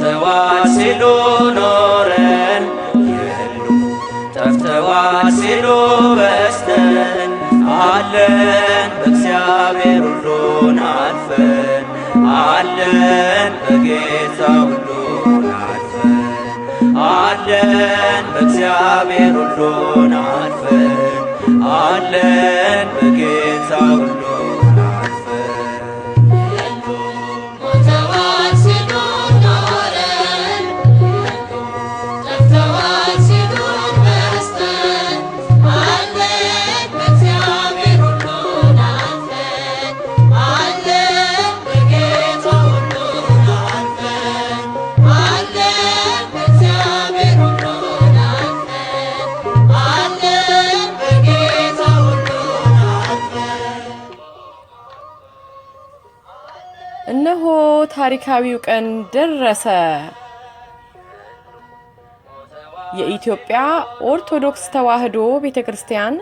ተዋስሎ ኖረን የሉ ጠፍተዋ ሲሉ በስተን አለን በእግዚአብሔር ሁሉን አልፈን አለን በጌታ ሁሉን አልፈን አለን በእግዚአብሔር ሁሉን አልፈን አለን እነሆ ታሪካዊው ቀን ደረሰ። የኢትዮጵያ ኦርቶዶክስ ተዋሕዶ ቤተ ክርስቲያን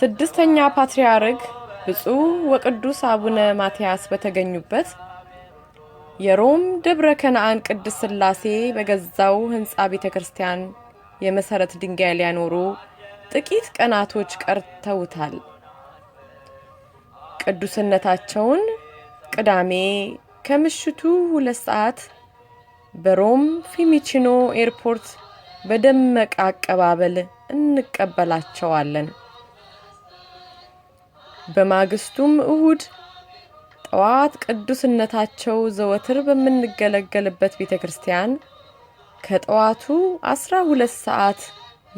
ስድስተኛ ፓትርያርክ ብፁዕ ወቅዱስ አቡነ ማትያስ በተገኙበት የሮም ደብረ ከነአን ቅድስት ሥላሴ በገዛው ሕንፃ ቤተ ክርስቲያን የመሠረት ድንጋይ ሊያኖሩ ጥቂት ቀናቶች ቀርተውታል። ቅዱስነታቸውን ቅዳሜ ከምሽቱ ሁለት ሰዓት በሮም ፊሚቺኖ ኤርፖርት በደመቀ አቀባበል እንቀበላቸዋለን። በማግስቱም እሁድ ጠዋት ቅዱስነታቸው ዘወትር በምንገለገልበት ቤተ ክርስቲያን ከጠዋቱ አስራ ሁለት ሰዓት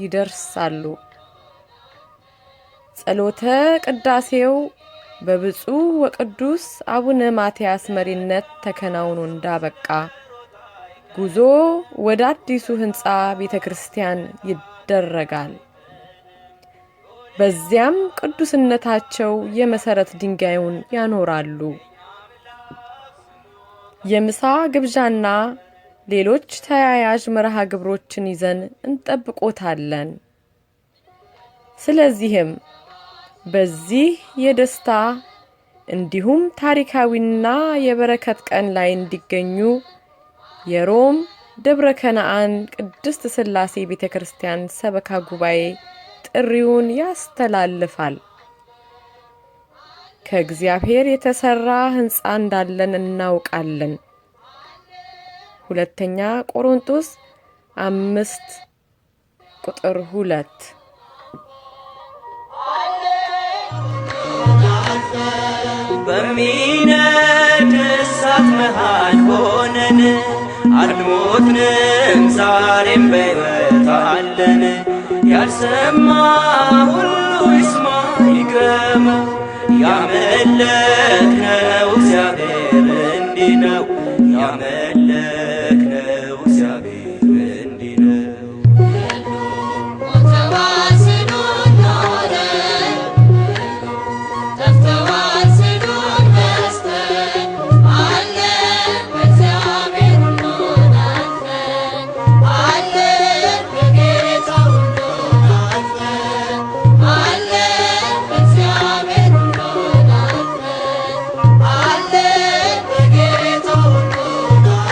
ይደርሳሉ። ጸሎተ ቅዳሴው በብፁዕ ወቅዱስ አቡነ ማትያስ መሪነት ተከናውኖ እንዳበቃ ጉዞ ወደ አዲሱ ህንፃ ቤተ ክርስቲያን ይደረጋል። በዚያም ቅዱስነታቸው የመሰረት ድንጋዩን ያኖራሉ። የምሳ ግብዣና ሌሎች ተያያዥ መርሃ ግብሮችን ይዘን እንጠብቆታለን። ስለዚህም በዚህ የደስታ እንዲሁም ታሪካዊና የበረከት ቀን ላይ እንዲገኙ የሮም ደብረ ከነአን ቅድስት ስላሴ ቤተ ክርስቲያን ሰበካ ጉባኤ ጥሪውን ያስተላልፋል። ከእግዚአብሔር የተሠራ ሕንፃ እንዳለን እናውቃለን። ሁለተኛ ቆሮንቶስ አምስት ቁጥር ሁለት በሚነድ እሳት መሃል ሆነን አልሞትንም፣ ዛሬም በሕይወት አለን። ያልሰማ ሁሉ ይስማ ይገመው፣ ያመለክነው እግዚአብሔር እንዲህ ነው ያመለ